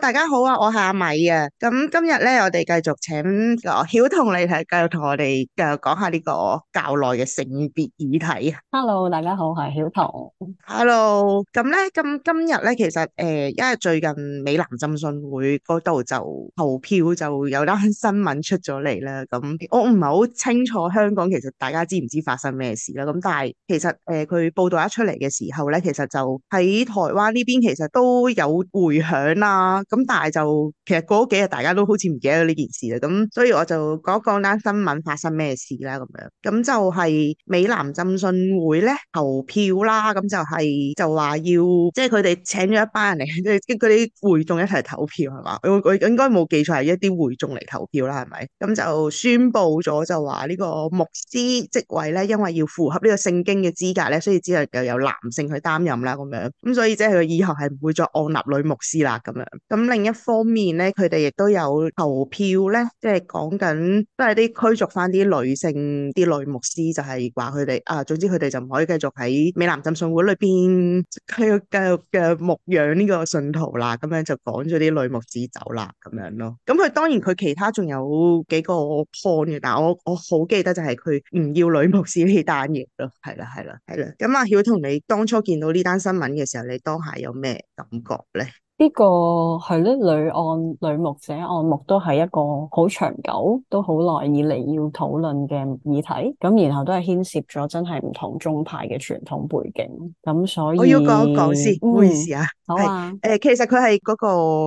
大家好啊，我係阿米啊，咁今日咧，我哋繼續請繼續講講個曉彤嚟睇，繼續同我哋繼續講下呢個教內嘅性別議題啊。Hello，大家好，係曉彤。Hello，咁咧，咁今日咧，其實誒，因為最近美南浸信會嗰度就投票，就有單新聞出咗嚟啦。咁我唔係好清楚香港其實大家知唔知發生咩事啦。咁但係其實誒，佢、呃、報道一出嚟嘅時候咧，其實就喺台灣呢邊其實都有回響啦。咁但係就其實嗰幾日大家都好似唔記得呢件事啦，咁所以我就講一講單新聞發生咩事啦，咁樣咁就係美南浸信會咧投票啦，咁就係就話要即係佢哋請咗一班人嚟即係嗰啲會眾一齊投票係嘛？我我應該冇記錯係一啲會眾嚟投票啦，係咪？咁就宣布咗就話呢個牧師職位咧，因為要符合呢個聖經嘅資格咧，所以只能夠由男性去擔任啦，咁樣咁所以即係佢以後係唔會再按立女牧師啦，咁樣。咁另一方面咧，佢哋亦都有投票咧，即係講緊都係啲驅逐翻啲女性啲女牧師就，就係話佢哋啊，總之佢哋就唔可以繼續喺美南浸信會裏邊繼續繼續嘅牧養呢個信徒啦。咁樣就趕咗啲女牧師走啦，咁樣咯。咁佢當然佢其他仲有幾個 point 嘅，但係我我好記得就係佢唔要女牧師呢單嘢咯。係啦係啦係啦。咁阿曉彤，你當初見到呢單新聞嘅時候，你當下有咩感覺咧？呢、這個係咧女案、女牧者案目都係一個好長久、都好耐以嚟要討論嘅議題，咁然後都係牽涉咗真係唔同宗派嘅傳統背景，咁所以我要講一講先，唔好意思啊，係誒、嗯啊呃，其實佢係嗰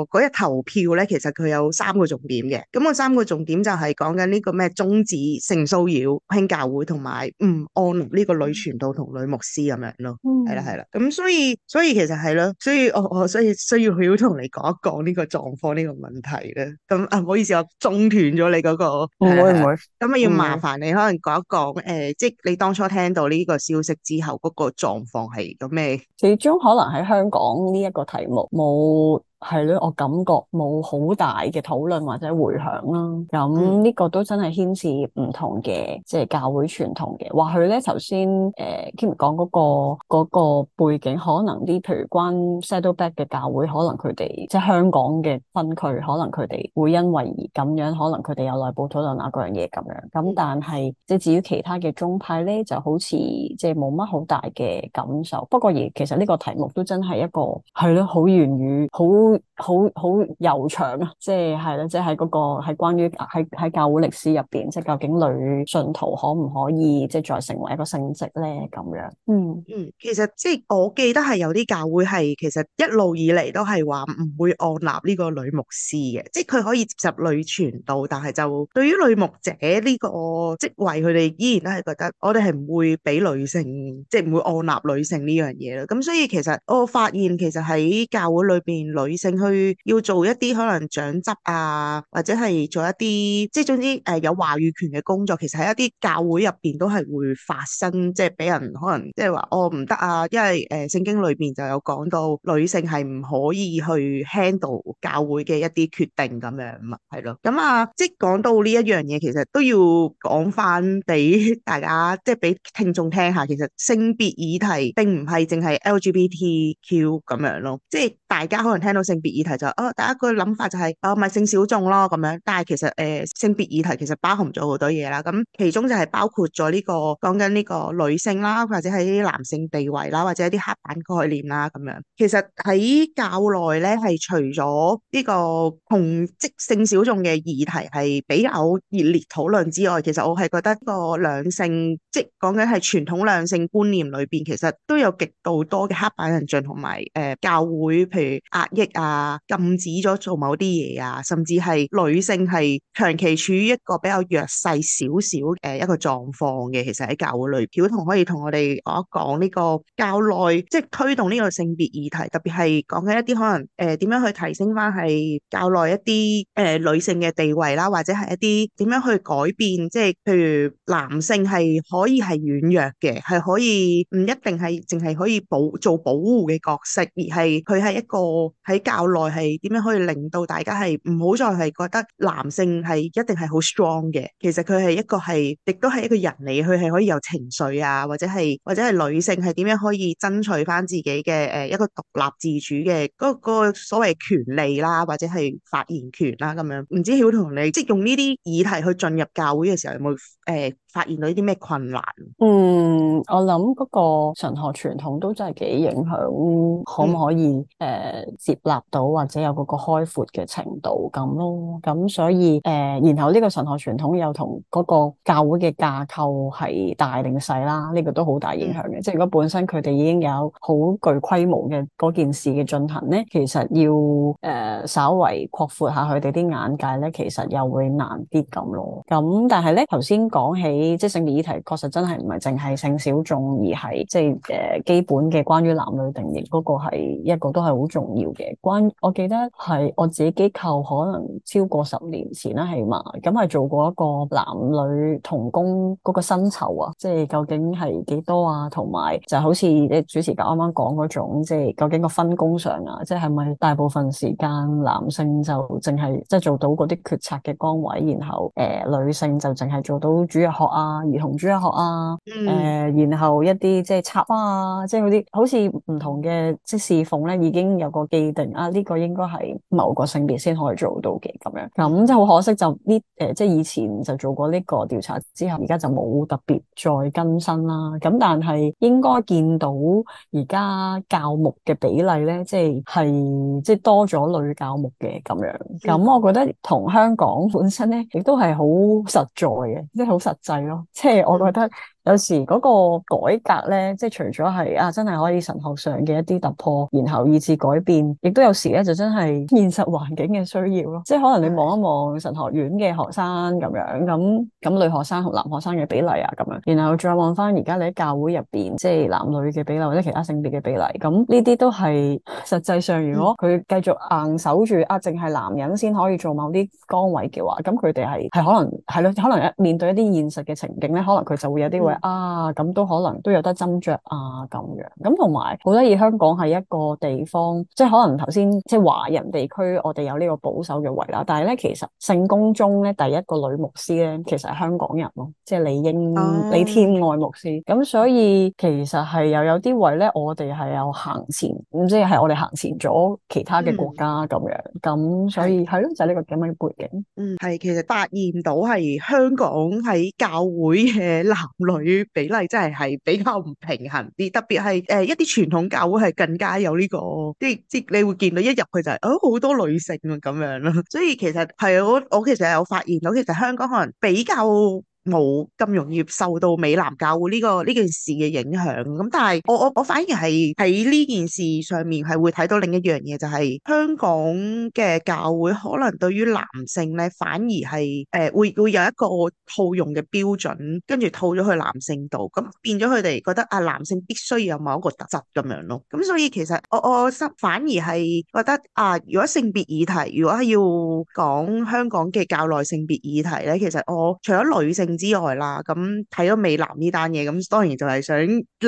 個日投票咧，其實佢有三個重點嘅，咁我三個重點就係講緊呢個咩終止性騷擾、興教會同埋唔按呢個女傳道同女牧師咁樣咯，係啦係啦，咁所以所以其實係咯，所以我我、哦哦、所以需要。要同你講一講呢個狀況呢個問題咧，咁啊唔好意思，我中斷咗你嗰、那個，唔會唔會，咁啊、嗯、要麻煩你可能講一講，誒、呃，即係你當初聽到呢個消息之後，嗰、那個狀況係咁咩？始終可能喺香港呢一個題目冇。係咧，我感覺冇好大嘅討論或者回響啦。咁呢個都真係牽涉唔同嘅，即係教會傳統嘅。呢呃、話佢咧頭先誒 Kim 講嗰個背景，可能啲譬如關 Saddleback 嘅教會，可能佢哋即係香港嘅分區，可能佢哋會因為咁樣，可能佢哋有內部討論啊嗰樣嘢咁樣。咁但係即至於其他嘅宗派咧，就好似即係冇乜好大嘅感受。不過而其實呢個題目都真係一個係咯，好言語好。嗯、好好悠長啊，即係係啦，即係嗰、嗰個喺關於喺喺教會歷史入邊，即係究竟女信徒可唔可以即係再成為一個聖職咧？咁樣嗯嗯，其實即係我記得係有啲教會係其實一路以嚟都係話唔會按立呢個女牧師嘅，即係佢可以接受女傳道，但係就對於女牧者呢個職位，佢哋依然都係覺得我哋係唔會俾女性，即係唔會按立女性呢樣嘢咯。咁所以其實我發現其實喺教會裏邊女。淨去要做一啲可能長執啊，或者係做一啲即係總之誒有話語權嘅工作，其實喺一啲教會入邊都係會發生，即係俾人可能即係話哦唔得啊，因為誒呃、聖經裏邊就有講到女性係唔可以去 handle 教會嘅一啲決定咁樣啊，係咯，咁啊即係講到呢一樣嘢，其實都要講翻俾大家，即係俾聽眾聽下，其實性別議題並唔係淨係 LGBTQ 咁樣咯，即係大家可能聽到。性別議題就啊、哦，第一個諗法就係、是、啊，咪、哦就是、性小眾咯咁樣。但係其實誒、呃、性別議題其實包含咗好多嘢啦。咁其中就係包括咗呢、這個講緊呢個女性啦，或者係啲男性地位啦，或者一啲刻板概念啦咁樣。其實喺教內咧，係除咗呢個同即性小眾嘅議題係比較熱烈討論之外，其實我係覺得個兩性即講緊係傳統兩性觀念裏面，其實都有極度多嘅刻板印象同埋誒教會譬如壓抑。啊，禁止咗做某啲嘢啊，甚至係女性係長期處於一個比較弱勢少少嘅一個狀況嘅。其實喺教會裏，曉彤可以同我哋講一講呢個教內，即係推動呢個性別議題，特別係講緊一啲可能誒點樣去提升翻係教內一啲誒女性嘅地位啦，或者係一啲點樣去改變，即係譬如男性係可以係軟弱嘅，係可以唔一定係淨係可以保做保護嘅角色，而係佢係一個喺。教內係點樣可以令到大家係唔好再係覺得男性係一定係好 strong 嘅，其實佢係一個係亦都係一個人嚟，佢係可以有情緒啊，或者係或者係女性係點樣可以爭取返自己嘅誒一個獨立自主嘅嗰、那個那個所謂權利啦、啊，或者係發言權啦、啊、咁樣。唔知曉同你即係、就是、用呢啲議題去進入教會嘅時候有冇誒？欸發現到呢啲咩困難？嗯，我諗嗰個神學傳統都真係幾影響，嗯、可唔可以誒、呃、接納到或者有嗰個開闊嘅程度咁咯？咁、嗯、所以誒、呃，然後呢個神學傳統又同嗰個教會嘅架構係大定細啦，呢、呢個都好大影響嘅。嗯、即係如果本身佢哋已經有好具規模嘅嗰件事嘅進行咧，其實要誒、呃、稍微擴闊下佢哋啲眼界咧，其實又會難啲咁咯。咁但係咧，頭先講起。嗯嗯嗯嗯即係性別議題，確實真係唔係淨係性小眾，而係即係誒基本嘅關於男女定義嗰個係一個都係好重要嘅。關我記得係我自己機構可能超過十年前啦，起碼咁係做過一個男女同工嗰個薪酬啊，即係究竟係幾多啊？同埋就好似你主持人啱啱講嗰種，即係究竟個分工上啊，即係係咪大部分時間男性就淨係即係做到嗰啲決策嘅崗位，然後誒、呃、女性就淨係做到主要學？啊，兒童主日學啊，誒、呃，然後一啲即係插花啊，即係嗰啲好似唔同嘅即係侍奉咧，已經有個既定啊，呢、這個應該係某個性別先可以做到嘅咁樣。咁即係好可惜，就呢誒、呃，即係以前就做過呢個調查之後，而家就冇特別再更新啦。咁但係應該見到而家教牧嘅比例咧，即係係即係多咗女教牧嘅咁樣。咁我覺得同香港本身咧，亦都係好實在嘅，即係好實際。係咯，即係我覺得。有時嗰個改革呢，即係除咗係啊，真係可以神學上嘅一啲突破，然後以致改變，亦都有時咧就真係現實環境嘅需要咯。即係可能你望一望神學院嘅學生咁樣，咁咁女學生同男學生嘅比例啊咁樣，然後再望翻而家你喺教會入邊，即係男女嘅比例或者其他性別嘅比例，咁呢啲都係實際上如果佢繼續硬守住、嗯、啊，淨係男人先可以做某啲崗位嘅話，咁佢哋係係可能係咯，可能面對一啲現實嘅情景咧，可能佢就會有啲啊，咁都可能都有得斟酌啊，咁樣咁同埋好得意，香港係一個地方，即係可能頭先即係華人地區，我哋有呢個保守嘅位啦。但係咧，其實聖公宗咧第一個女牧師咧，其實係香港人咯，即係李英、嗯、李添嬡牧師。咁所以其實係又有啲位咧，我哋係有行前，咁即係我哋行前咗其他嘅國家咁、嗯、樣。咁所以係咯是，就係、是、呢個咁嘅背景。嗯，係其實發現到係香港喺教會嘅男女。於比例真係係比較唔平衡啲，特別係誒、呃、一啲傳統教會係更加有呢、個即係即係，你會見到一入去就係啊好多女性咁樣咯， 所以其實係我我其實有發現到，其實香港可能比較。冇咁容易受到美南教會呢、這個呢件事嘅影響，咁但係我我我反而係喺呢件事上面係會睇到另一樣嘢，就是，就係香港嘅教會可能對於男性咧反而係誒、呃、會會有一個套用嘅標準，跟住套咗去男性度，咁變咗佢哋覺得啊男性必須要有某一個特質咁樣咯，咁所以其實我我心反而係覺得啊，如果性別議題，如果係要講香港嘅教內性別議題咧，其實我除咗女性。之外啦，咁睇咗美男呢單嘢，咁當然就係想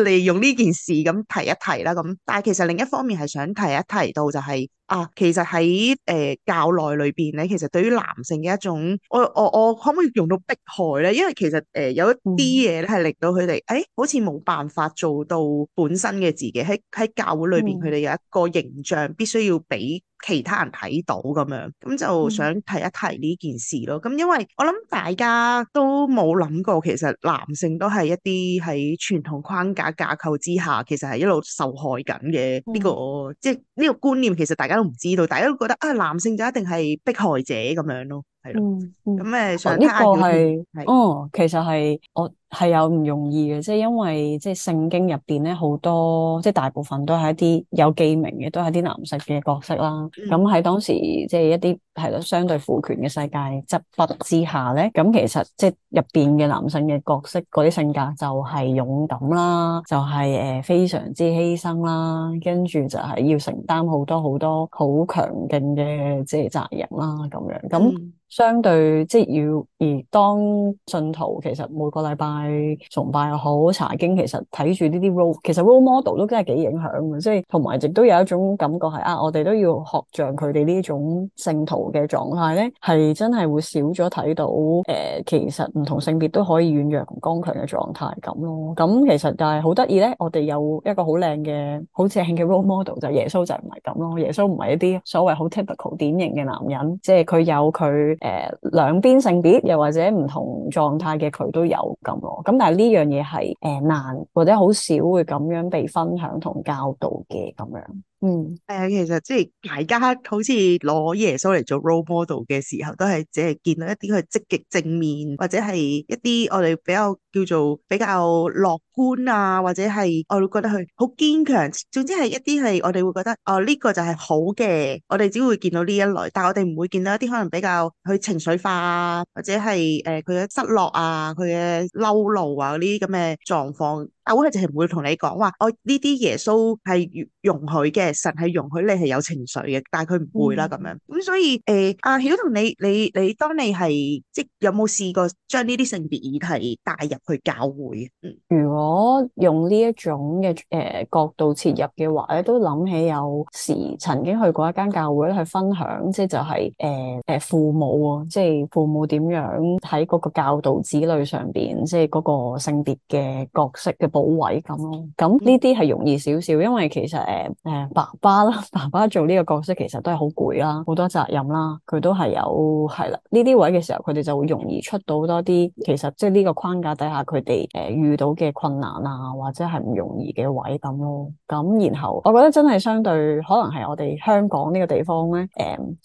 利用呢件事咁提一提啦。咁但係其實另一方面係想提一提到就係、是。啊，其實喺誒、呃、教內裏邊咧，其實對於男性嘅一種，我我我，我可唔可以用到迫害咧？因為其實誒、呃、有一啲嘢咧係令到佢哋誒好似冇辦法做到本身嘅自己，喺喺教會裏邊佢哋有一個形象必須要俾其他人睇到咁樣，咁就想提一提呢件事咯。咁因為我諗大家都冇諗過，其實男性都係一啲喺傳統框架架構之下，其實係一路受害緊嘅呢個，嗯、即係呢、呢個觀念其實大家都。唔知道，大家都覺得啊，男性就一定係迫害者咁樣咯，係咯，咁誒、嗯，嗯、上呢個係，哦、嗯，其實係我。係有唔容易嘅，即係因為即係聖經入邊咧，好多即係大部分都係一啲有記名嘅，都係啲男性嘅角色啦。咁喺、嗯、當時即係一啲係咯，相對父權嘅世界執筆之下咧，咁其實即係入邊嘅男性嘅角色，嗰啲性格就係勇敢啦，就係、是、誒非常之犧牲啦，跟住就係要承擔好多好多好強勁嘅即係責任啦，咁樣咁。相對即係要而當信徒，其實，每個禮拜崇拜又好查經，其實睇住呢啲 role，其實 role model 都真係幾影響嘅。即係同埋亦都有一種感覺係啊，我哋都要學像佢哋呢種聖徒嘅狀態咧，係真係會少咗睇到誒、呃，其實唔同性別都可以軟弱同剛強嘅狀態咁咯。咁其實但係好得意咧，我哋有一個好靚嘅好正嘅 role model 就耶穌就唔係咁咯。耶穌唔係一啲所謂好 typical 典型嘅男人，即係佢有佢。誒兩邊性別又或者唔同狀態嘅佢都有咁咯，咁但係呢樣嘢係誒難或者好少會咁樣被分享同教導嘅咁樣。嗯，係、 嗯、 其實即係大家好似攞耶穌嚟做 role model 嘅時候，都係只係見到一啲佢積極正面，或者係一啲我哋比較叫做比較樂觀啊，或者係我會覺得佢好堅強。總之係一啲係我哋會覺得哦呢個就係好嘅，我哋只會見到呢一類，但係我哋唔會見到一啲可能比較佢情緒化啊，或者係誒佢嘅失落啊，佢嘅嬲怒啊呢啲咁嘅狀況。教會就係唔會同你講話，我呢啲耶穌係容許嘅，神係容許你係有情緒嘅，但係佢唔會啦咁、嗯、樣。咁所以誒，阿曉彤你你你，你你你當你係即有冇試過將呢啲性別議題帶入去教會？如果用呢一種嘅誒、呃、角度切入嘅話咧，都諗起有時曾經去過一間教會去分享，即係就係誒誒父母啊，即係父母點樣喺嗰個教導子女上邊，即係嗰個性別嘅角色嘅。補位咁咯，咁呢啲係容易少少，因為其實誒誒、呃、爸爸啦，爸爸做呢個角色其實都係好攰啦，好多責任啦，佢都係有係啦，呢啲位嘅時候佢哋就會容易出到多啲，其實即係呢個框架底下佢哋誒遇到嘅困難啊，或者係唔容易嘅位咁咯，咁、呃、然後我覺得真係相對可能係我哋香港呢個地方咧，誒、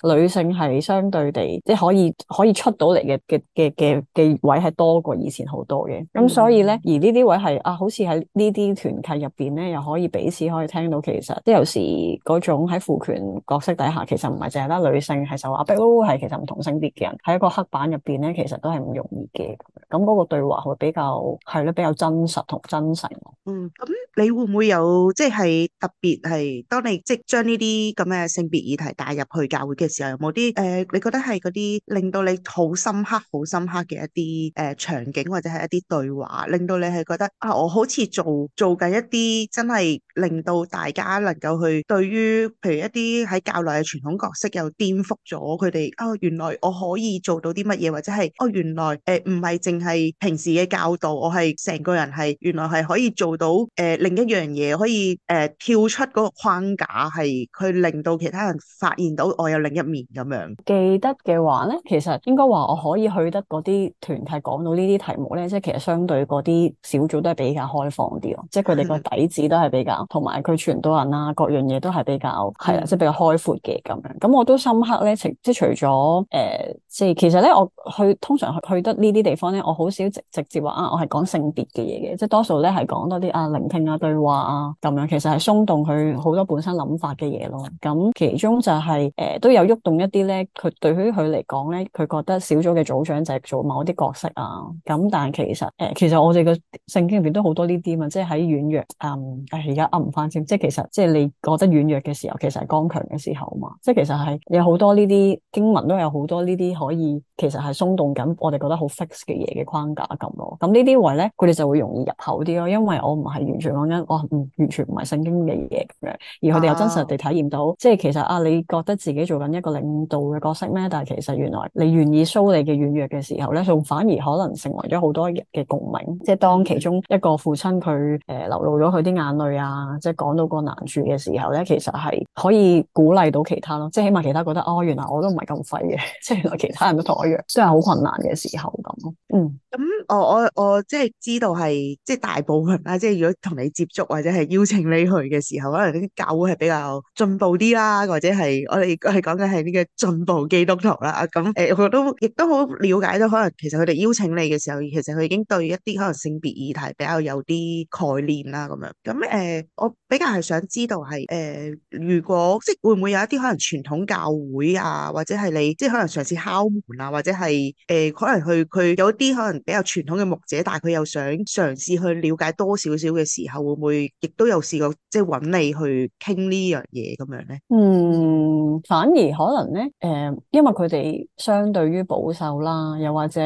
呃、女性係相對地即係可以可以出到嚟嘅嘅嘅嘅嘅位係多過以前好多嘅，咁所以咧、嗯、而呢啲位係啊好似。喺呢啲團契入邊咧，又可以彼此可以聽到，其實即係有時嗰種喺父權角色底下，其實唔係淨係得女性係受壓迫咯，係其實唔同性別嘅人喺一個黑板入邊咧，其實都係唔容易嘅。咁嗰個對話會比較係咧比較真實同真實。嗯，咁你會唔會有即係、就是、特別係當你即係將呢啲咁嘅性別議題帶入去教會嘅時候，有冇啲誒？你覺得係嗰啲令到你好深刻、好深刻嘅一啲誒、呃、場景，或者係一啲對話，令到你係覺得啊，我好～似做做緊一啲真係令到大家能夠去對於，譬如一啲喺教內嘅傳統角色又顛覆咗佢哋，哦，原來我可以做到啲乜嘢，或者係哦，原來誒唔係淨係平時嘅教導我係成個人係原來係可以做到誒、呃、另一樣嘢，可以誒、呃、跳出嗰個框架係去令到其他人發現到我有另一面咁樣，記得嘅話咧，其實應該話我可以去得嗰啲團體講到呢啲題目咧，即係其實相對嗰啲小組都係比較好。開放啲咯，嗯、 即係佢哋個底子都係比較，同埋佢傳道人啊，各樣嘢都係比較，係啦，即係比較開闊嘅咁樣。咁我都深刻咧，即係除咗誒、呃，即係其實咧，我去通常去，去得呢啲地方咧，我好少直直接啊啊啊話啊，我係講性別嘅嘢嘅，即係多數咧係講多啲啊聆聽啊對話啊咁樣，其實係鬆動佢好多本身諗法嘅嘢咯。咁其中就係、是、誒、呃、都有喐動一啲咧，佢對於佢嚟講咧，佢覺得小組嘅組長就係做某啲角色啊。咁但係其實誒、呃，其實我哋嘅聖經入邊都好多。呢啲嘛，即係喺軟弱，嗯，而家噏唔返先，即係其實，即係你覺得軟弱嘅時候，其實係剛強嘅時候嘛，即係其實係有好多呢啲經文都有好多呢啲可以，其實係鬆動緊，我哋覺得好 fix 嘅嘢嘅框架咁咯。咁呢啲位咧，佢哋就會容易入口啲咯，因為我唔係完全講緊，我唔完全唔係聖經嘅嘢咁樣，而佢哋又真實地體驗到，即係其實啊，你覺得自己做緊一個領導嘅角色咩？但係其實原來你願意 show 你嘅軟弱嘅時候咧，仲反而可能成為咗好多人嘅共鳴，即係當其中一個親佢誒流露咗佢啲眼淚啊，即係講到個難處嘅時候咧，其實係可以鼓勵到其他咯，即係起碼其他覺得哦，原來我都唔係咁廢嘅，即係原來其他人都同我一樣，即係好困難嘅時候咁咯。嗯，咁我我我即係知道係即係大部分啦，即係如果同你接觸或者係邀請你去嘅時候，可能啲教會係比較進步啲啦，或者係我哋係講緊係呢個進步基督徒啦。咁誒，我都亦都好了解到，可能其實佢哋邀請你嘅時候，其實佢已經對一啲可能性別議題比較有。啲概念啦，啊，咁樣咁誒、呃，我比較係想知道係誒、呃，如果即係會唔會有一啲可能傳統教會啊，或者係你即係可能嘗試敲門啊，或者係誒、呃，可能去佢有一啲可能比較傳統嘅牧者，但係佢又想嘗試去了解多少少嘅時候，會唔會亦都有試過即係揾你去傾呢樣嘢咁樣咧？嗯，反而可能咧誒、呃，因為佢哋相對於保守啦，又或者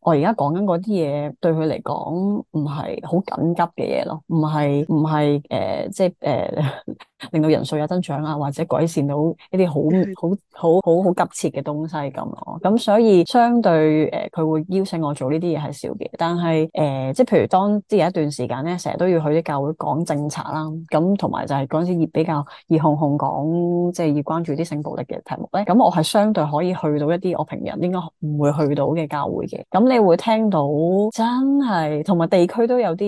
我而家講緊嗰啲嘢對佢嚟講唔係好。好緊急嘅嘢咯，唔係唔係誒，即係誒、呃，令到人數有增長啊，或者改善到一啲好好好好好急切嘅東西咁咯。咁所以相對誒，佢、呃、會邀請我做呢啲嘢係少嘅。但係誒、呃，即係譬如當之前一段時間咧，成日都要去啲教會講政策啦，咁同埋就係嗰陣時熱比較熱烘烘講，即、就、係、是、要關注啲性暴力嘅題目咧。咁我係相對可以去到一啲我平日應該唔會去到嘅教會嘅。咁你會聽到真係，同埋地區都有啲。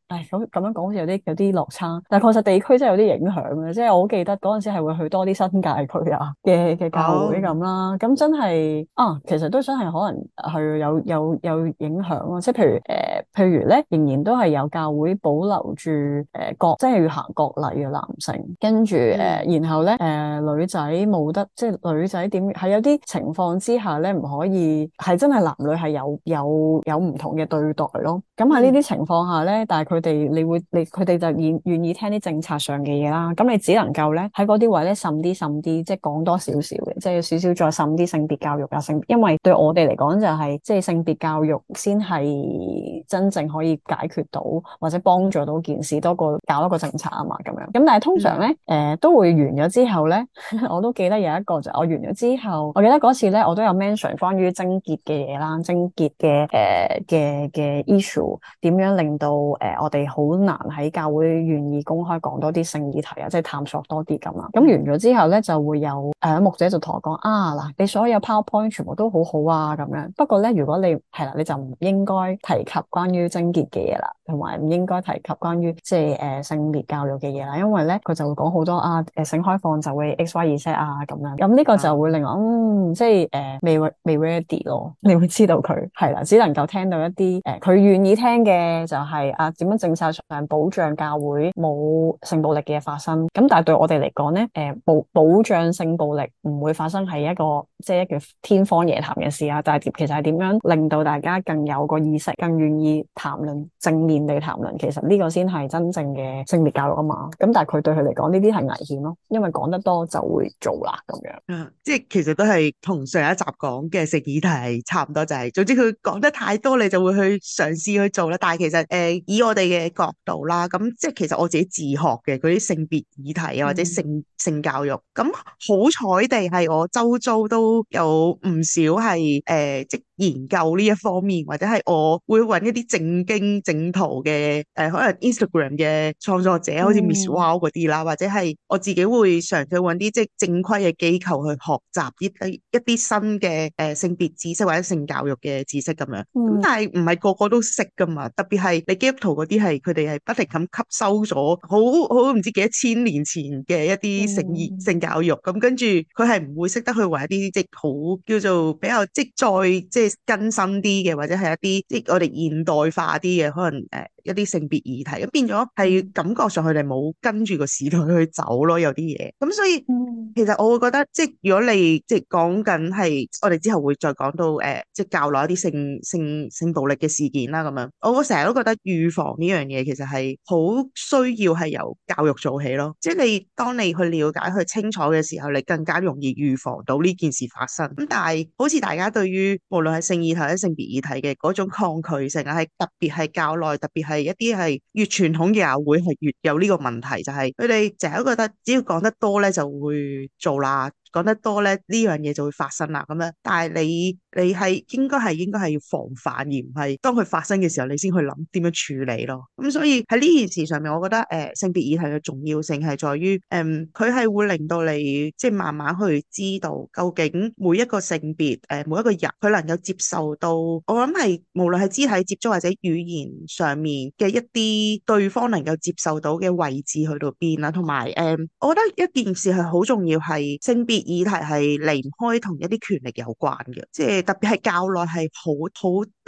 唉，咁咁樣講好似有啲有啲落差，但係確實地區真係有啲影響嘅，即係我好記得嗰陣時係會去多啲新界區啊嘅嘅教會咁啦。咁、oh. 真係啊，其實都真係可能係有有有影響咯。即係譬如誒、呃，譬如咧仍然都係有教會保留住誒、呃、國，即係要行國禮嘅男性，跟住誒、呃，然後咧誒、呃、女仔冇得，即係女仔點係有啲情況之下咧唔可以，係真係男女係有有有唔同嘅對待咯。咁喺呢啲情況下咧，但係佢。哋，你會你佢哋就願願意聽啲政策上嘅嘢啦。咁你只能夠咧喺嗰啲位咧，滲啲滲啲，即係講多少少嘅，即、就、係、是、少少再滲啲性別教育啊，性別，因為對我哋嚟講就係即係性別教育先係真正可以解決到或者幫助到件事多過搞一個政策啊嘛。咁樣咁、嗯，但係通常咧，誒、嗯呃、都會完咗之後咧，我都記得有一個就我完咗之後，我記得嗰次咧，我都有 mention 關於精結嘅嘢啦，精結嘅誒嘅嘅 issue 點樣令到誒我。呃我哋好難喺教會願意公開講多啲性議題啊，即係探索多啲咁啦。咁完咗之後咧，就會有誒、呃、牧者就同我講啊，嗱，你所有 powerpoint 全部都好好啊咁樣，不過咧，如果你係啦，你就唔應該提及關於貞潔嘅嘢啦，同埋唔應該提及關於即係誒、呃、性別教育嘅嘢啦。因為咧，佢就會講好多啊誒性開放就會 X Y Z 啊咁樣，咁呢個就會令我嗯，即係誒、呃、未未 ready 咯。你會知道佢係啦，只能夠聽到一啲誒佢願意聽嘅就係、是、啊點政策上保障教會冇性暴力嘅發生，咁但係對我哋嚟講咧，誒，保，保障性暴力唔會發生係一個即係一個天方夜譚嘅事啊！就係其實係點樣令到大家更有個意識，更願意談論，正面地談論，其實呢個先係真正嘅性別教育啊嘛！咁但係佢對佢嚟講呢啲係危險咯，因為講得多就會做啦咁樣。即係其實都係同上一集講嘅性議題差唔多，就是，就係總之佢講得太多，你就會去嘗試去做啦。但係其實誒、呃，以我哋。你嘅角度啦，咁即係其實我自己自學嘅嗰啲性別議題啊，或者性、嗯、性教育，咁好彩地係我周遭都有唔少係誒、呃、即。研究呢一方面，或者係我會揾一啲正經正途嘅誒，可能 Instagram 嘅創作者，好似 Miss Wow 嗰啲啦，或者係我自己會嘗試揾啲即係正規嘅機構去學習一啲一啲新嘅誒性別知識或者性教育嘅知識咁樣。咁但係唔係個個都識㗎嘛？特別係你基督徒嗰啲係佢哋係不停咁吸收咗好好唔知幾多千年前嘅一啲性、嗯、性教育，咁跟住佢係唔會識得去揾一啲即係好叫做比較即係再即係。更新啲嘅，或者係一啲即係我哋現代化啲嘅，可能誒。一啲性別議題咁變咗係感覺上佢哋冇跟住個時代去走咯，有啲嘢咁，所以其實我會覺得，即係如果你即係講緊係我哋之後會再講到誒、呃，即係教內一啲性性性暴力嘅事件啦咁樣，我成日都覺得預防呢樣嘢其實係好需要係由教育做起咯，即係你當你去了解去清楚嘅時候，你更加容易預防到呢件事發生。咁但係好似大家對於無論係性議題或者性別議題嘅嗰種抗拒性啊，係特別係教內特別係。係一啲係越傳統嘅教會係越有呢個問題，就係佢哋成日都覺得只要講得多咧就會做啦。講得多咧，呢樣嘢就會發生啦。咁樣，但係你你係應該係應該係要防範，而唔係當佢發生嘅時候，你先去諗點樣處理咯。咁所以喺呢件事上面，我覺得誒、呃、性別議題嘅重要性係在於，誒佢係會令到你即係、就是、慢慢去知道究竟每一個性別誒、呃、每一個人佢能夠接受到，我諗係無論係肢體接觸或者語言上面嘅一啲對方能夠接受到嘅位置去到邊啦。同埋誒，我覺得一件事係好重要係性別。議題係離唔開同一啲權力有關嘅，即係特別係教內係好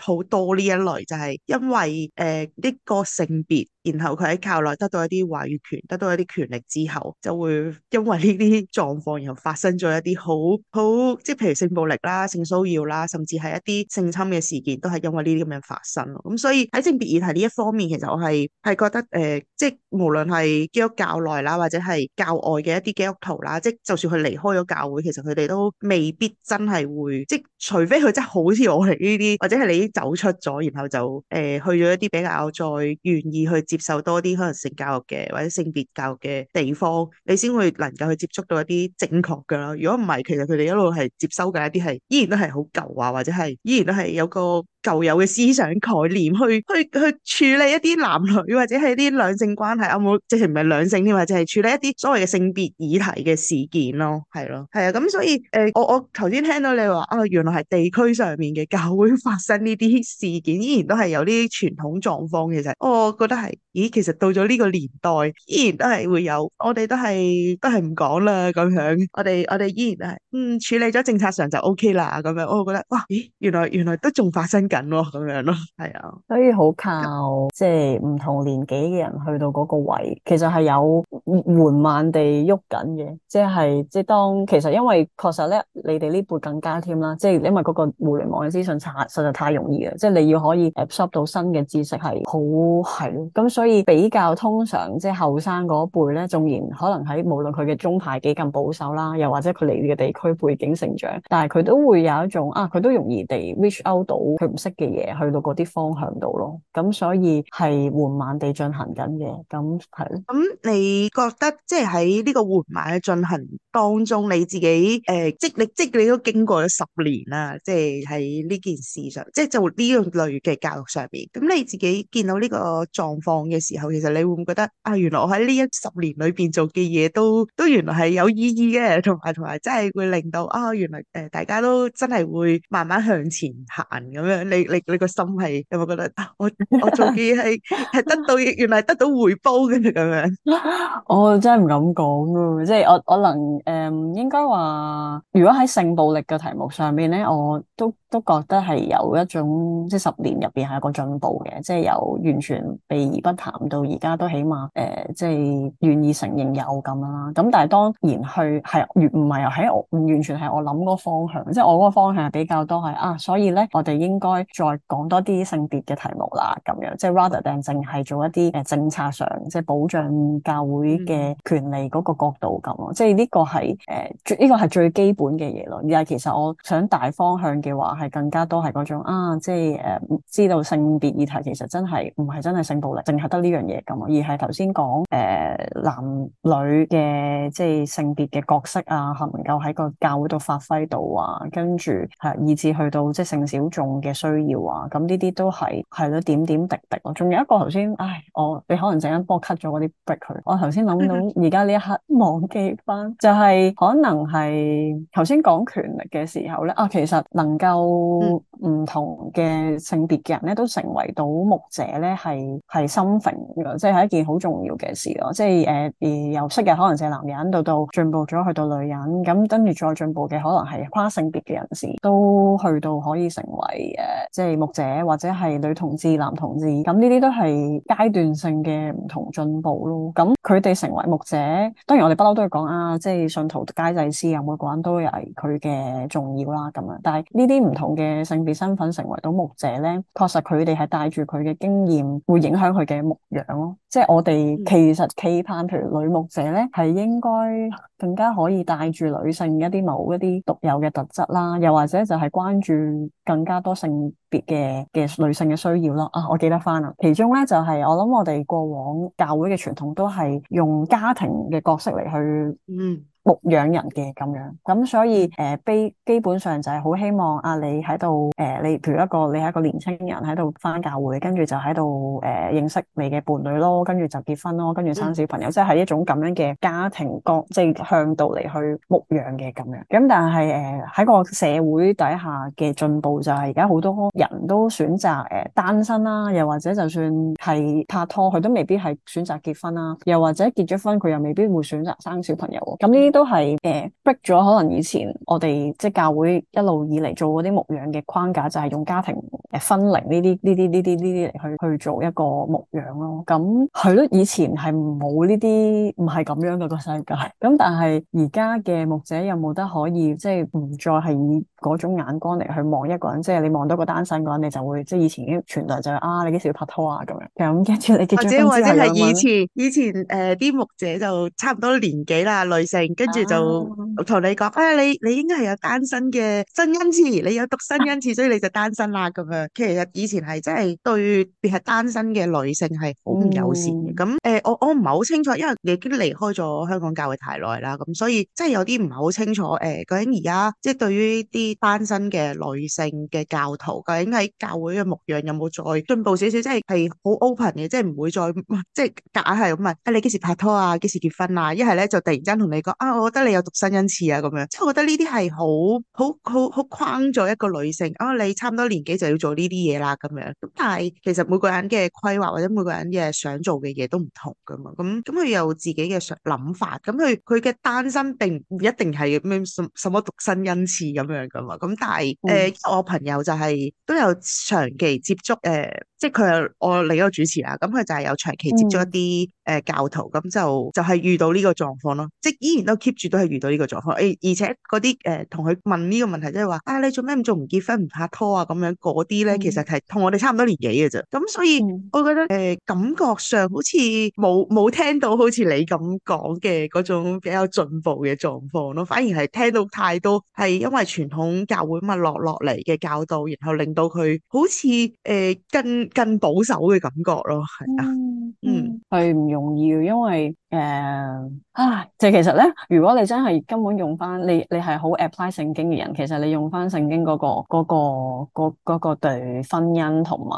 好好多呢一類，就係、係、因為誒呢、呃呢個性別。然後佢喺教內得到一啲話語權，得到一啲權力之後，就會因為呢啲狀況，然後發生咗一啲好好，即係譬如性暴力啦、性騷擾啦，甚至係一啲性侵嘅事件，都係因為呢啲咁樣發生咯。咁、嗯、所以喺性別議題呢一方面，其實我係係覺得，誒、呃，即係無論係基督教內啦，或者係教外嘅一啲基督徒啦，即係就算佢離開咗教會，其實佢哋都未必真係會，即係除非佢真係好似我哋呢啲，或者係你已經走出咗，然後就誒、呃、去咗一啲比較再願意去。接受多啲可能性教育嘅或者性別教育嘅地方，你先會能夠去接觸到一啲正確嘅咯。如果唔係，其實佢哋一路係接收嘅一啲係依然都係好舊啊，或者係依然都係有個舊有嘅思想概念去去去處理一啲男女或者係啲兩性關係，有冇即係唔係兩性添啊？即係處理一啲所謂嘅性別議題嘅事件咯，係咯，係啊。咁所以誒、呃，我我頭先聽到你話啊、哦，原來係地區上面嘅教會發生呢啲事件，依然都係有啲傳統狀況。其實我覺得係。咦，其實到咗呢個年代，依然都係會有，我哋都係都係唔講啦咁樣。我哋我哋依然係，嗯，處理咗政策上就 OK 啦咁樣。我會覺得，哇，咦，原來原來都仲發生緊咯咁樣咯，係啊，所以好靠，咁樣，即係唔同年紀嘅人去到嗰個位，其實係有緩慢地喐緊嘅，即係即係當其實因為確實咧，你哋呢輩更加添啦，即係因為嗰個互聯網嘅資訊查實在太容易嘅，即係你要可以 absorb 到新嘅知識係好係咯，咁所所以比較通常即係後生嗰輩咧，縱然可能喺無論佢嘅宗派幾咁保守啦，又或者佢嚟呢個地區背景成長，但係佢都會有一種啊，佢都容易地 reach out 到佢唔識嘅嘢，去到嗰啲方向度咯。咁、嗯、所以係緩慢地進行緊嘅。咁、嗯、係。咁、嗯、你覺得即係喺呢個緩慢嘅進行當中，你自己誒即你即，你都經過咗十年啦。即係喺呢件事上，即係就呢種類嘅教育上邊，咁你自己見到呢個狀況嘅時候，其實你會唔會覺得啊？原來我喺呢一十年裏面做嘅嘢都都原來係有意義嘅，同埋同埋真係會令到啊！原來誒，大家都真係會慢慢向前行咁樣。你你你個心係有冇覺得我我做嘅係係得到原來得到回報嘅咁樣？ 我真係唔敢講㗎！即係我可能誒、嗯，應該話如果喺性暴力嘅題目上面咧，我都都覺得係有一種即係十年入面係一個進步嘅，即係有完全避而不。談到而家都起碼誒、呃，即係願意承認有咁樣啦。咁但係當然去係越唔係喺我唔完全係我諗嗰個方向，即係我嗰個方向係比較多係啊。所以咧，我哋應該再講多啲性別嘅題目啦。咁樣即係 rather than 淨係做一啲誒政策上即係保障教會嘅權利嗰個角度咁咯。即係呢個係誒呢個係最基本嘅嘢咯。而係其實我想大方向嘅話係更加多係嗰種啊，即係誒、呃、知道性別議題其實真係唔係真係性暴力，淨係。呢樣嘢，咁而係頭先講誒男女嘅即係性別嘅角色啊，係唔能夠喺個教會度發揮到啊，跟住嚇、啊，以致去到即係性小眾嘅需要啊，咁呢啲都係係咯，點點滴滴咯、啊。仲有一個頭先，唉，我你可能陣間幫我 cut 咗嗰啲 break 佢。我頭先諗到而家呢一刻，忘記翻就係、是、可能係頭先講權力嘅時候咧，啊，其實能夠唔同嘅性別嘅人咧，都成為到牧者咧，係係深。即係一件好重要嘅事咯，即係誒而由昔嘅可能就係男人，到到進步咗去到女人，咁跟住再進步嘅可能係跨性別嘅人士，都去到可以成為誒、呃、即係牧者或者係女同志、男同志，咁呢啲都係階段性嘅唔同進步咯。咁佢哋成為牧者，當然我哋不嬲都要講啊，即係信徒皆祭司啊，每個人都係佢嘅重要啦。咁啊，但係呢啲唔同嘅性別身份成為到牧者呢，確實佢哋係帶住佢嘅經驗，會影響佢嘅。牧養咯，即係我哋其實期盼，an，譬如女牧者咧，係應該更加可以帶住女性一啲某一啲獨有嘅特質啦，又或者就係關注更加多性別嘅嘅女性嘅需要咯。啊，我記得翻啦，其中咧就係、是、我諗我哋過往教會嘅傳統都係用家庭嘅角色嚟去嗯。牧養人嘅咁樣，咁所以誒，基、呃、基本上就係好希望啊，你喺度誒，你譬如一個你係一個年青人喺度返教會，跟住就喺度誒認識你嘅伴侶咯，跟住就結婚咯，跟住生小朋友，即係一種咁樣嘅家庭角，即係向度嚟去牧養嘅咁樣。咁但係誒喺個社會底下嘅進步，就係而家好多人都選擇誒、呃、單身啦、啊，又或者就算係拍拖，佢都未必係選擇結婚啦、啊，又或者結咗婚，佢又未必會選擇生小朋友咁呢。都係誒，逼、uh, 咗可能以前我哋即係教會一路以嚟做嗰啲牧養嘅框架，就係、是、用家庭誒分齡呢啲呢啲呢啲呢啲嚟去去做一個牧養咯。咁佢都以前係冇呢啲，唔係咁樣嘅個世界。咁、嗯、但係而家嘅牧者有冇得可以即係唔再係以？嗰種眼光嚟去望一個人，即係你望到個單身個人，你就會即係以前已經傳來就係、是、啊，你幾時要拍拖啊咁樣。你或者或者係以前以前誒啲牧者就差唔多年紀啦，女性跟住就同你講啊，哎、你你應該係有單身嘅真恩賜，你有獨身恩賜，所以你就單身啦咁樣。其實以前係真係對，特別係單身嘅女性係好唔友善嘅。咁誒、嗯，我我唔係好清楚，因為你已經離開咗香港教會太耐啦，咁所以真係有啲唔係好清楚、欸、究竟而家即係對於啲，單身嘅女性嘅教徒，究竟喺教會嘅牧養有冇再進步少少？即係係好 open 嘅，即係唔會再即係夾硬係咁問，啊你幾時拍拖啊？幾時結婚啊？一係咧就突然間同你講，啊我覺得你有獨身恩賜啊咁樣。即係我覺得呢啲係好好好好框咗一個女性。哦、啊，你差唔多年紀就要做呢啲嘢啦咁樣。咁但係其實每個人嘅規劃或者每個人嘅想做嘅嘢都唔同噶嘛。咁咁佢有自己嘅想諗法。咁佢佢嘅單身並唔一定係咩什什麼獨身恩賜咁樣噶。咁但係誒，呃嗯、因為我朋友就係都有長期接觸誒，即係佢係我另一個主持啦，咁佢就係有長期接觸一啲誒教徒，咁、嗯嗯、就就係、係遇到呢個狀況咯，即係依然都 keep 住都係遇到呢個狀況誒，而且嗰啲誒同佢問呢個問題，即係話啊你做咩咁做唔結婚唔拍拖啊咁樣嗰啲咧，呢嗯、其實係同我哋差唔多年紀嘅啫，咁所以我覺得誒、呃、感覺上好似冇冇聽到好似你咁講嘅嗰種比較進步嘅狀況咯，反而係聽到太多係因為傳統。教會咪落落嚟嘅教導，然後令到佢好似誒、呃、更更保守嘅感覺咯，係啊、嗯，嗯，係唔、嗯、容易，因為誒、呃、啊，即係其實咧，如果你真係根本用翻你你係好 apply 聖經嘅人，其實你用翻聖經嗰、嗰個嗰、嗰個、嗰個嗰個對婚姻同埋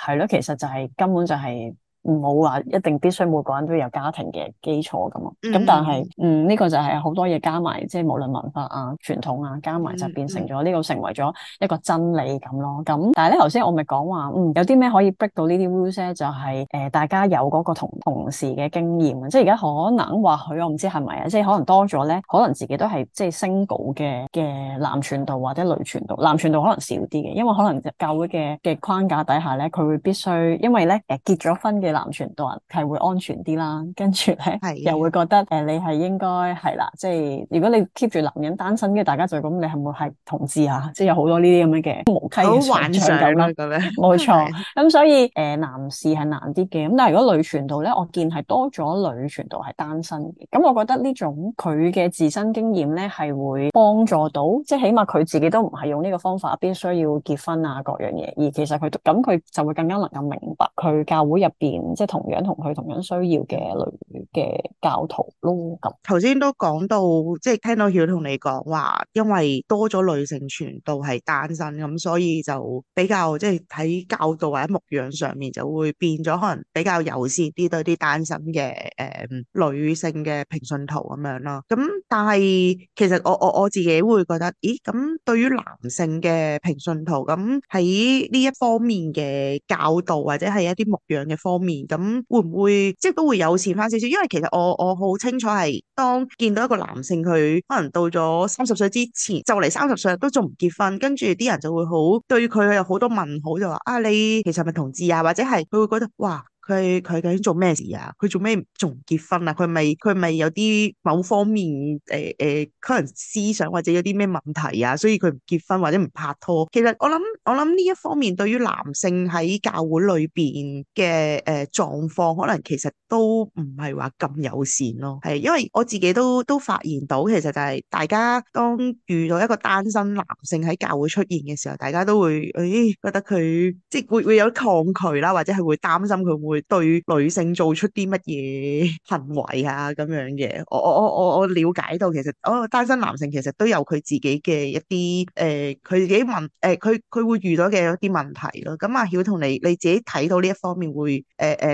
係咯，其實就係、係、根本就係、係。唔好話、啊、一定必須每個人都有家庭嘅基礎咁啊，咁、嗯、但係嗯呢、呢個就係好多嘢加埋，即係無論文化啊、傳統啊，加埋就變成咗呢、嗯、個成為咗一個真理咁咯。咁但係咧頭先我咪講話，嗯，有啲咩可以 break 到呢啲 rules 咧？就係、是、誒、呃、大家有嗰個同同事嘅經驗，即係而家可能或許我唔知係咪啊，即係可能多咗咧，可能自己都係即係 single 嘅嘅男傳道或者女傳道，男傳道可能少啲嘅，因為可能教會嘅嘅框架底下咧，佢會必須因為咧誒結咗婚嘅。男傳道人係會安全啲啦，跟住咧的又會覺得誒、呃，你係應該係啦，即係如果你 keep 住男人單身嘅，大家就咁，你係唔會係同志啊？即係有好多呢啲咁樣嘅無稽嘅猜想咁咯，冇錯。咁的、嗯、所以誒、呃，男士係難啲嘅，咁但係如果女傳道咧，我見係多咗女傳道係單身嘅。咁我覺得呢種佢嘅自身經驗咧，係會幫助到，即係起碼佢自己都唔係用呢個方法必須要結婚啊各樣嘢，而其實佢咁佢就會更加能夠明白佢教會入邊。即係同樣同佢同樣需要嘅女嘅教徒咯。咁頭先都講到，即係聽到曉彤你講話，因為多咗女性傳道係單身咁，所以就比較即係喺教導或者牧養上面就會變咗，可能比較友善啲對啲單身嘅誒女性嘅平信徒咁樣咯。咁但係其實我我我自己會覺得，咦咁對於男性嘅平信徒咁喺呢一方面嘅教導或者係一啲牧養嘅方面，咁會唔會即係都會有錢翻少少？因為其實我我好清楚係當見到一個男性佢可能到咗三十歲之前，就嚟三十歲都仲唔結婚，跟住啲人就會好對佢有好多問號，就話啊你其實係咪同志啊？或者係佢會覺得哇。佢佢究竟做咩事啊？佢做咩仲唔結婚啊？佢咪佢咪有啲某方面誒誒、欸欸、可能思想或者有啲咩問題啊？所以佢唔結婚或者唔拍拖。其實我諗我諗呢一方面對於男性喺教會裏邊嘅誒狀況，可能其實都唔係話咁友善咯。係因為我自己都都發現到，其實就係大家當遇到一個單身男性喺教會出現嘅時候，大家都會誒覺得佢即係會會有抗拒啦，或者係會擔心佢會。對女性做出啲乜嘢行為啊咁樣嘅，我我我我我了解到，其實我單身男性其實都有佢自己嘅一啲誒，佢、呃、自己問誒，佢、呃、佢會遇到嘅一啲問題咯。咁、嗯、啊，曉彤，你你自己睇到呢一方面會誒誒雜，而、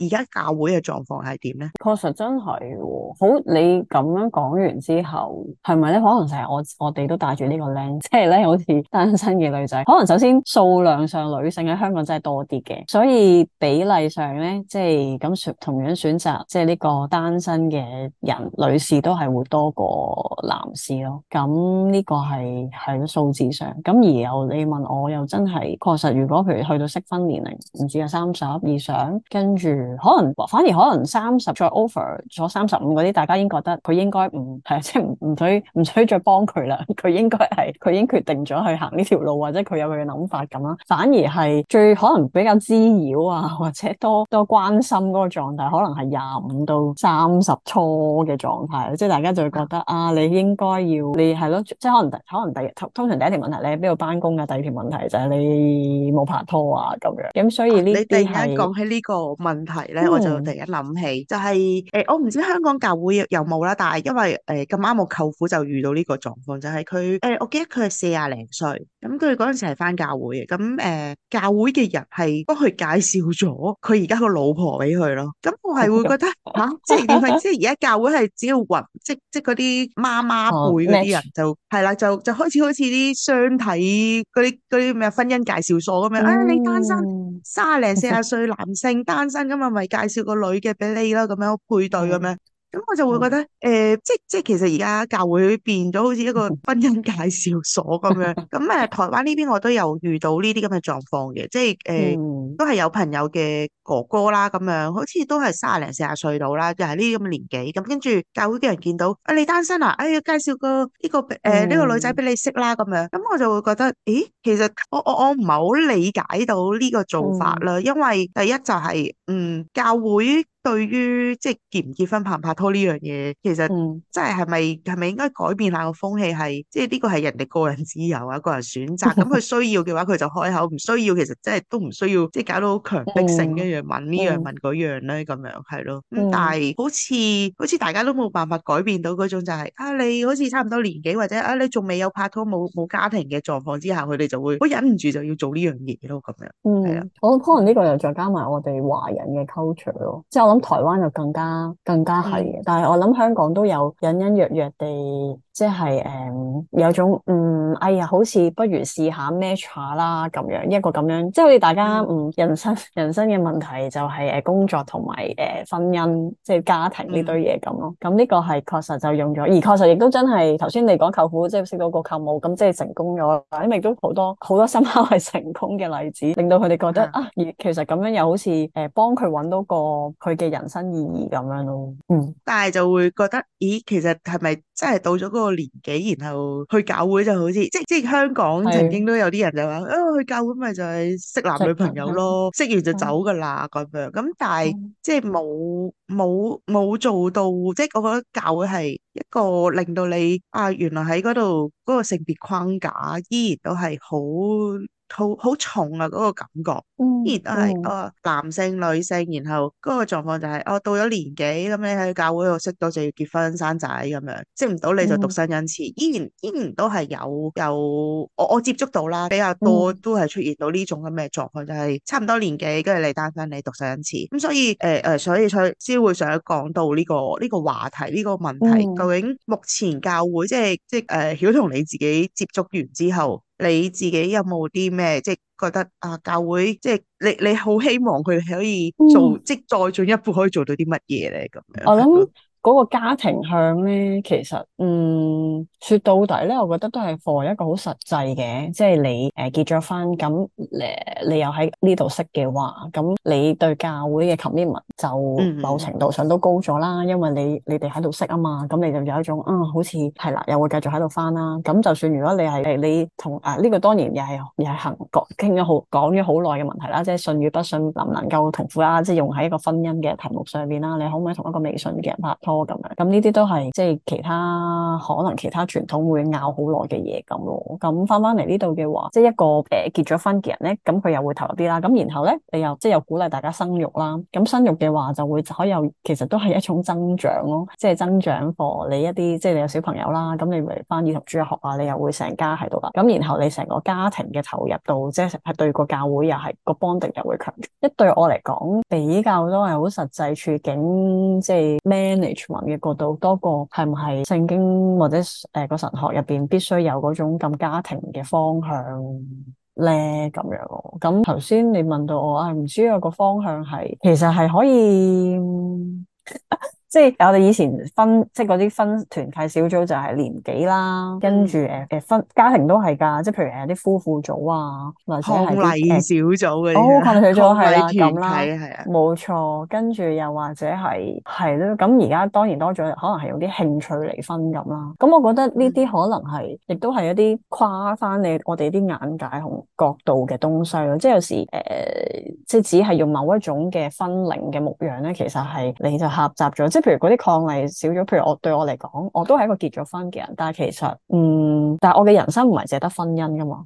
呃、家、呃、教會嘅狀況係點咧？確實真係、哦，好，你咁樣講完之後，係咪咧？可能成日我我哋都帶住、就是、呢個 label 即係咧，好似單身嘅女仔，可能首先數量上女性喺香港真係多啲嘅，所以比例上。咧即係咁，同樣選擇，即係呢個單身嘅人、女士都係會多過男士咯。咁呢個係喺數字上。咁而又你問我又真係確實，如果譬如去到適婚年齡唔止啊三十以上，跟住可能反而可能三十再 over 咗三十五嗰啲，大家已經覺得佢應該唔係即係唔唔使唔使再幫佢啦。佢應該係佢已經決定咗去行呢條路，或者佢有佢嘅諗法咁啦。反而係最可能比較滋擾啊，或者多。多關心嗰個狀態，可能係廿五到三十初嘅狀態，即係大家就會覺得啊，你應該要你係咯，即係可能可能第通常第一條問題咧，邊度翻工啊？第二條問題就係你冇拍拖啊咁樣。咁所以呢啲係你突然間講起呢個問題咧，嗯、我就突然一諗起就係、是、誒、欸，我唔知香港教會有冇啦，但係因為誒咁啱我舅父就遇到呢個狀況，就係佢誒，我記得佢係四廿零歲。咁佢嗰陣時係翻教會嘅，咁誒、呃、教會嘅人係幫佢介紹咗佢而家個老婆俾佢咯。咁我係會覺得吓、 啊，即係點講？即係而家教會係只要搵，即即嗰啲媽媽輩嗰啲人就係啦， 就就開始好似啲相睇嗰啲啲咩婚姻介紹所咁樣。嗯、 哎，你單身卅零四十歲男性單身咁啊，咪介紹個女嘅俾你咯，咁樣配對咁樣。嗯。咁我就會覺得，誒、呃，即係即係，其實而家教會變咗好似一個婚姻介紹所咁樣。咁誒，台灣呢邊我都有遇到呢啲咁嘅狀況嘅，即係誒，呃嗯、都係有朋友嘅哥哥啦咁樣，好似都係三十零四十歲到啦，又係呢啲咁嘅年紀。咁跟住教會啲人見到，啊，你單身啊，哎呀，介紹個呢、呢個誒呢、呃呢個女仔俾你識啦咁樣。咁我就會覺得，咦，其實我我我唔係好理解到呢個做法啦，因為第一就係、係，嗯，教會。對於即係結唔結婚、拍唔拍拖呢樣嘢，其實即係係咪係咪應該改變下個風氣？係即係呢個係人哋個人自由啊，個人選擇。咁佢需要嘅話，佢就開口；唔需要，其實即係都唔需要，即係搞到好強迫性。一樣問呢、這個嗯嗯、樣問嗰樣咧，咁樣係咯。但係好似好似大家都冇辦法改變到嗰種、就係，就係啊你好似差唔多年紀，或者啊你仲未有拍拖、冇冇家庭嘅狀況之下，佢哋就會我忍唔住就要做呢樣嘢咯，咁樣。嗯，我可能呢個又再加埋我哋華人嘅 culture 咯，台灣就更加更加係，嗯，但係我諗香港都有隱隱約約地。即係誒、嗯，有種嗯，哎呀，好似不如試下 match 下啦咁樣，一個咁樣，即係好似大家嗯人，人生人生嘅問題就係誒，工作同埋誒，婚姻即係家庭呢堆嘢咁咯。咁呢個係確實就用咗，而確實亦都真係頭先你講舅父即係識到個舅母，咁即係成功咗，咁亦都好多好多深刻係成功嘅例子，令到佢哋覺得、嗯、啊，其實咁樣又好似誒，幫佢搵到個佢嘅人生意義咁樣咯。嗯，但係就會覺得咦，其實係咪真係到咗、嗰個？個年紀，然後去教會就好似，即係即係香港曾經都有啲人就話，哦的、哎、去教會咪就係識男女朋友咯，識的完就走噶啦咁樣。咁但係的即係冇冇冇做到，即係我覺得教會係一個令到你啊，原來喺嗰度嗰個性別框架依然都係好好好重啊嗰、那個感覺，依然都係哦、嗯嗯、男性女性，然後嗰個狀況就係、是、哦到咗年紀咁，你喺教會度識到就要結婚生仔咁樣，識唔到你就獨身恩賜、嗯，依然依然都係有有我我接觸到啦，比較多都係出現到呢種咁嘅狀況，嗯、就係差唔多年紀，跟住你單身你獨身恩賜咁，所以誒誒，所以所先會想講到呢、這個呢、這個話題呢、這個問題，嗯嗯、究竟目前教會即係即係誒曉彤你自己，自己接觸完之後。你自己有冇啲咩，即係覺得啊教會，即係你你好希望佢可以做，嗯、即再進一步可以做到啲乜嘢咧咁樣？我諗嗰個家庭向咧，其實嗯，說到底咧，我覺得都係 for 一個好實際嘅，即係你誒、呃、結咗婚，咁誒你又喺呢度識嘅話，咁你對教會嘅 commitment 就某程度上都高咗啦，因為你你哋喺度識啊嘛，咁你就有一種啊、呃，好似係啦，又會繼續喺度返啦。咁就算如果你係你，你同啊呢、呢個當然又係又係行講傾咗好講咗好耐嘅問題啦，即係信與不信能唔能夠同負啊，即係用喺一個婚姻嘅題目上面啦，你可唔可以同一個未信嘅人拍拖？咁樣咁呢啲都係即係其他可能其他傳統會拗好耐嘅嘢咁咯。咁翻翻嚟呢度嘅話，即係一個誒結咗婚嘅人咧，咁佢又會投入啲啦。咁然後咧，你又即係又鼓勵大家生育啦。咁生育嘅話就會可以有其實都係一種增長咯，即係增長。或你一啲即係你有小朋友啦，咁你咪如翻兒童主日學啊，你又會成家喺度啦。咁然後你成個家庭嘅投入度，即係係對個教會又係個 bonding，又會強。一對我嚟講比較都係好實際處境，即係 manage。嘅角度，多過係唔係聖經或者誒個、呃、神學入邊必須有嗰種咁家庭嘅方向咧？咁樣咯。咁頭先你問到我啊，唔、哎、知有個方向係，其實係可以。 即係我哋以前分，即係嗰啲分團契小組就係年紀啦，跟住誒誒分家庭都係㗎，即係譬如誒啲夫婦組啊，或者係誒小組嗰啲團契小組係啦，係啊的，冇錯，跟住又或者係係咯，咁而家當然多咗，可能係有啲興趣嚟分咁啦。咁我覺得呢啲可能係、嗯、亦都係一啲跨翻你我哋啲眼界同角度嘅東西咯。即係有時誒、呃，即係只係用某一種嘅分齡嘅牧養咧，其實係你就狹窄咗，即譬如嗰啲抗議小組，譬如我對我嚟講，我都係一個結咗婚嘅人，但係其實，嗯，但係我嘅人生唔係淨係得婚姻噶嘛，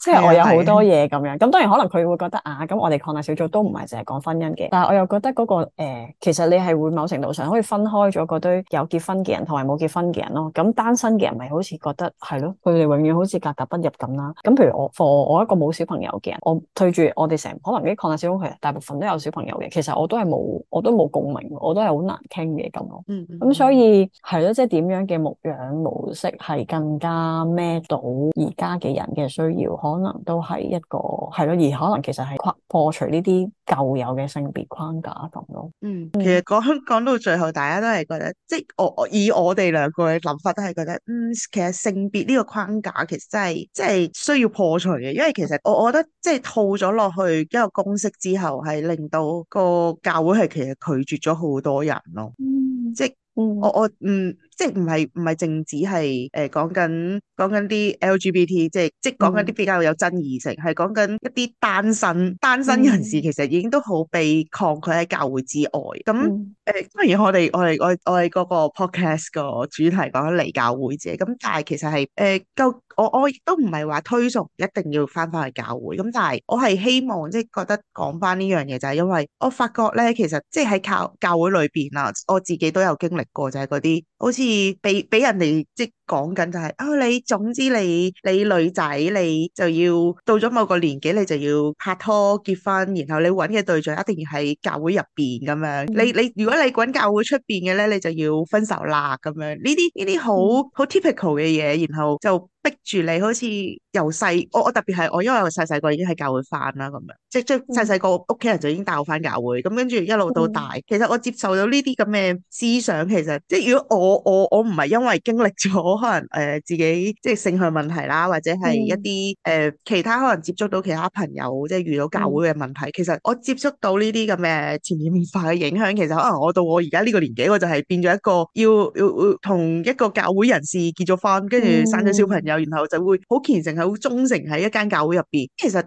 即係、嗯、 我有好多嘢咁樣。咁的當然可能佢會覺得啊，咁我哋抗大小組都唔係淨係講婚姻嘅，但係我又覺得嗰、那個、呃、其實你係會某程度上可以分開咗嗰堆有結婚嘅人同埋冇結婚嘅人咯。咁單身嘅人咪好似覺得係咯，佢哋永遠好似格格不入咁啦。咁譬如我，for 我一個冇小朋友嘅人，我對住我哋成可能啲抗大小組其實大部分都有小朋友嘅，其實我都係冇，我都冇共鳴，我都係。好難傾嘅咁咯，嗯咁 所以係咯，即係點樣嘅牧養模式係更加孭到而家嘅人嘅需要，可能都係一個係咯，而可能其實係係破除呢啲。舊有嘅性別框架咁咯，嗯，其實講講到最後，大家都係覺得，即係我以我哋兩個嘅諗法都係覺得，嗯，其實性別呢個框架其實真係即係需要破除嘅，因為其實我我覺得即係套咗落去一個公式之後，係令到個教會係其實拒絕咗好多人咯，嗯，即係我我嗯。即係唔係，唔係，淨止係誒講緊講緊啲 LGBT，即係即係講緊啲比較有爭議性，係講緊一啲單身單身人士其實已經都好被抗拒喺教會之外。咁誒當然，我哋我哋我我哋嗰個 podcast 個主題講緊離教會啫，咁但係其實係誒、欸、夠我我亦都唔係話推崇一定要翻返去教會，咁但係我係希望即係覺得講翻呢樣嘢，就係因為我發覺咧，其實即係喺教教會裏邊啊，我自己都有經歷過就，就係嗰啲好似～俾俾人哋即。講緊就係，哦，你總之你你女仔，你就要到咗某個年紀，你就要拍拖結婚，然後你揾嘅對象一定要喺教會入邊咁樣。你你如果你揾教會出邊嘅咧，你就要分手啦咁樣。呢啲呢啲好好 typical 嘅嘢，然後就逼住你，好似由細我我特別係我，因為我細細個已經喺教會返啦咁樣，即係即係細細個屋企人就已經帶我返教會，咁跟住一路到大，嗯、其實我接受到呢啲咁嘅思想，其實即係如果我我我唔係因為經歷咗。可能誒自己即係性向問題啦，或者係一啲誒、嗯、其他可能接觸到其他朋友，即係遇到教會嘅問題，嗯、其實我接觸到呢啲咁嘅潛移默化嘅影響，其實可能我到我而家呢個年紀我就係變咗一個要要要同一個教會人士結咗婚，跟住生咗小朋友，然後就會好虔誠、好忠誠喺一間教會入邊，其實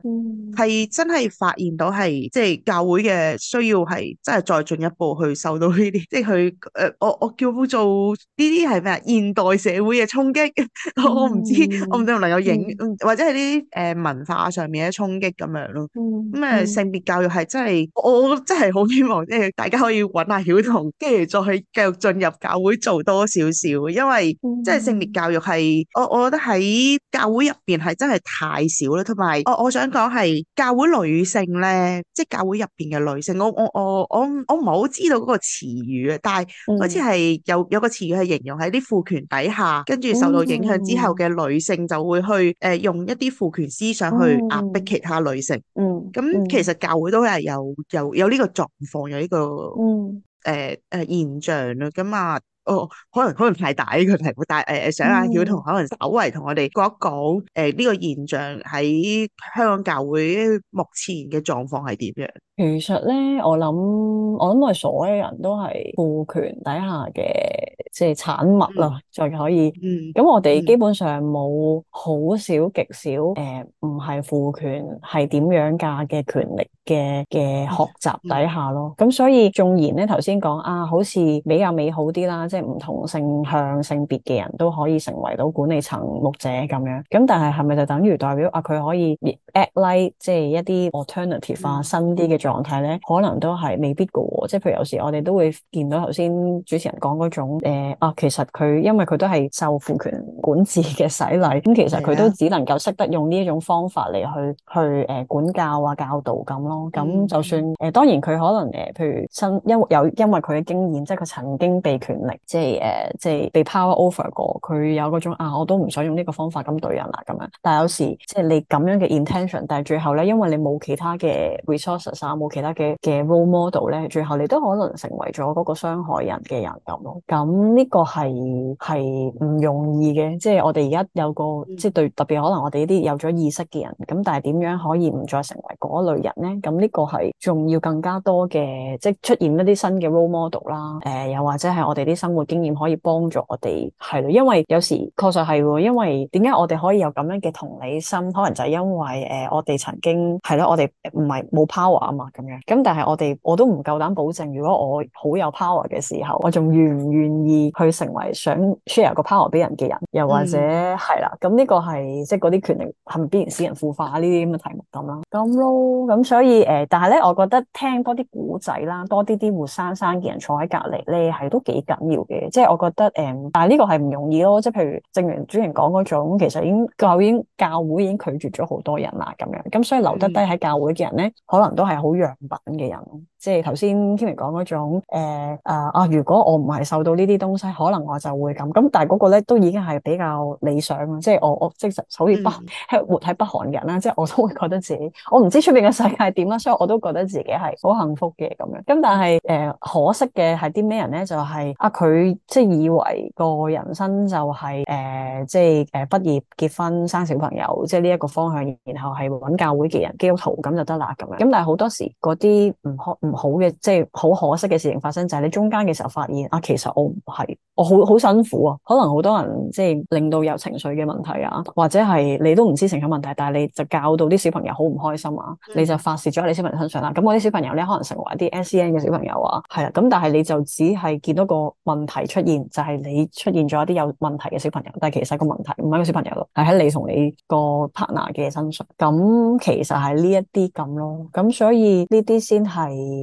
係真係發現到係即係教會嘅需要係真係再進一步去受到呢啲，即係佢誒我我叫做呢啲係咩？現代社會。衝擊，嗯、 我我唔知，我唔知道、嗯、能有影，嗯、或者係啲誒文化上面嘅衝擊咁樣咯。咁誒、嗯嗯、性別教育係真係，我真係好希望即係大家可以揾阿曉彤，跟住再去繼續進入教會做多少少，因為即係性別教育係，我我覺得喺教會入邊係真係太少啦。同埋，我我想講係教會女性咧，即、就、係、是、教會入邊嘅女性，我我我我我唔係好知道嗰個詞語，但係好似係有有個詞語係形容喺啲父權底下。跟住受到影響之後嘅女性就會去誒、呃、用一啲父權思想去壓迫其他女性。嗯，咁、嗯、其實教會都係有有有呢個狀況有呢、這個誒誒、嗯呃、現象啦。咁、嗯、啊，哦，可能可能太大呢個問題，但誒、呃、想阿曉彤可能稍微同我哋講一講誒呢個現象喺香港教會目前嘅狀況係點樣？其實咧，我諗我諗，我哋所有人都係父權底下嘅即係產物啦，再可以咁。我哋基本上冇好少極少誒，唔係父權係點樣價嘅權力嘅嘅學習底下咯。咁所以縱然咧頭先講啊，好似比較美好啲啦，即係唔同性向性別嘅人都可以成為到管理層牧者咁樣。咁但係係咪就等於代表啊佢可以 at like 即係一啲 alternative 化、嗯、新啲嘅？狀態咧，可能都係未必嘅喎，即係譬如有時我哋都會見到頭先主持人講嗰種、呃、啊，其實佢因為佢都係受父權管治嘅洗禮，咁其實佢都只能夠識得用呢一種方法嚟去去誒、呃、管教啊、教導咁咯。咁就算誒、呃，當然佢可能誒，譬如身因有因為佢嘅經驗，即係佢曾經被權力即係誒、呃、即係被 power over 過，佢有嗰種啊，我都唔想用呢個方法咁對人啦、啊、咁樣。但係有時即係你咁樣嘅 intention，但係最後咧，因為你冇其他嘅 resources。有冇其他嘅嘅 role model 咧？最後你都可能成為咗個傷害人嘅人咁咯。咁呢個係係唔容易嘅，即係我哋而家有個即係對特別可能我哋呢啲有咗意識嘅人，咁但係點樣可以唔再成為嗰一類人咧？咁呢個係仲要更加多嘅，即係出現一啲新嘅 role model 啦。誒、呃、又或者係我哋啲生活經驗可以幫助我哋係咯，因為有時確實係喎，因為點解我哋可以有咁樣嘅同理心，可能就係因為誒、呃、我哋曾經係咯，我哋唔係冇 power 啊嘛。咁樣，咁但係我哋我都唔夠膽保證，如果我好有 power 嘅時候，我仲願唔願意去成為想 share 個 power 俾人嘅人，又或者係啦，咁呢、嗯、個係即係嗰啲權力係咪必然使人腐化呢啲咁嘅題目咁啦，咁咯，咁所以誒、呃，但係咧，我覺得聽多啲古仔啦，多啲啲活生生嘅人坐喺隔離咧，係都幾緊要嘅，即、就、係、是、我覺得誒、嗯，但係呢個係唔容易咯，即係譬如正如主人講嗰種，其實已經夠已經教會已經拒絕咗好多人啦，咁樣，咁、嗯嗯、所以留得低喺教會嘅人咧，可能都係好好樣板嘅人。即係頭先 Kimi 講嗰種誒啊啊！如果我唔係受到呢啲東西，可能我就會咁咁。但係嗰個咧都已經係比較理想啊！即係我我即係好似北係活喺北韓人啦，即係我都會覺得自己我唔知出面嘅世界係點啦，所以我都覺得自己係好幸福嘅咁樣。咁但係誒可惜嘅係啲咩人咧？就係啊佢即係以為個人生就係誒即係誒畢業結婚生小朋友，即係呢一個方向，然後係搵教會嘅人基督徒咁就得啦咁樣。咁但係好多時嗰啲唔學唔～好嘅，即係好可惜嘅事情發生，就係、是、你中間嘅時候發現啊，其實我唔係，我好好辛苦啊，可能好多人即係令到有情緒嘅問題啊，或者係你都唔知情緒問題，但係你就教到啲小朋友好唔開心啊，你就發洩咗喺你小朋友身上啦。咁我啲小朋友咧，可能成為一啲 SCN 嘅小朋友啊，係啊，咁但係你就只係見到個問題出現，就係、是、你出現咗一啲有問題嘅小朋友，但係其實個問題唔係個小朋友咯，係喺你同你個 partner 嘅身上。咁其實係呢一啲咁咯，咁所以呢啲先係。